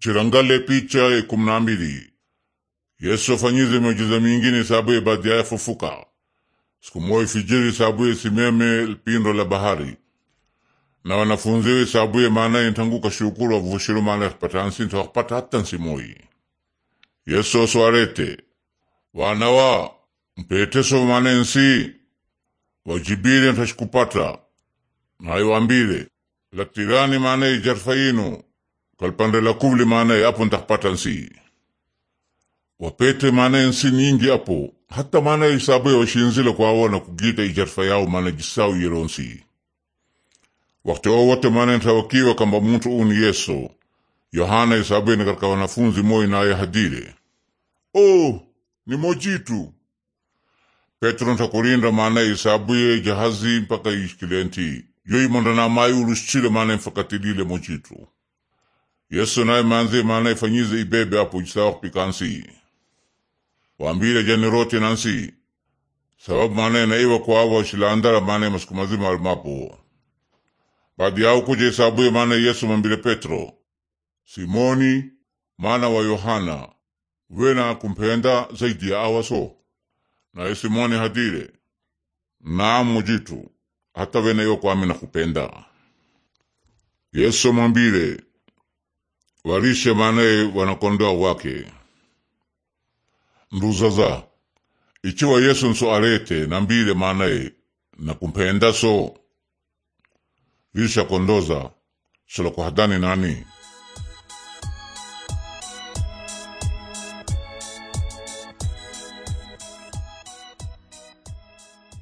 chirangale picha ikumi na mbili yesu afanyize miujiza mingine sabu ye badia fufuka siku moja fijiri sabu ye simeme lpindo la bahari na wanafunziwe sabu ye maana intanguka shukuru wavushiru maana yakipata nsinta wakipata hata nsimoi yesu aswarete wanawa mpeteso maana nsi wajibire ntashikupata nayo latirani maana ijarfa yinu kalpande la kuvli maanaye e apo ntakpata nsi wapete maanaye nsi nyingi apo hatta maanaye isabuye e washinzile kwaawona kugita ijarifa yawo maana jisau yelo nsi wakati wowote maanaye ntawakiwa kamba muntu uni yeso yohana isabweni e katika wanafunzi moi naye hadile o ni mojitu petro ntakurinda maanaye isabuye jahazi mpaka ishikilenti yoyimondana mayi ulusitile maanaye mfakatilile mojitu yesu naye manzi mana ifanyize ibebe apo jisawa kupika nsi wambile janiroti roti na sababu mana naiwa kwa awa shilandara mana masiku mazima alimapo baadi yao kuja isabuye mana yesu mambile petro simoni mana wa yohana wena kumpenda zaidi ya awaso naye simoni hadile naamu jitu hata wena iwa kwami nakupenda yesu mambile warishe manaye wanakondoa wake nduzaza ichiwa yesu nso alete nambile manaye kumpenda so risha kondoza sholokuhadani nani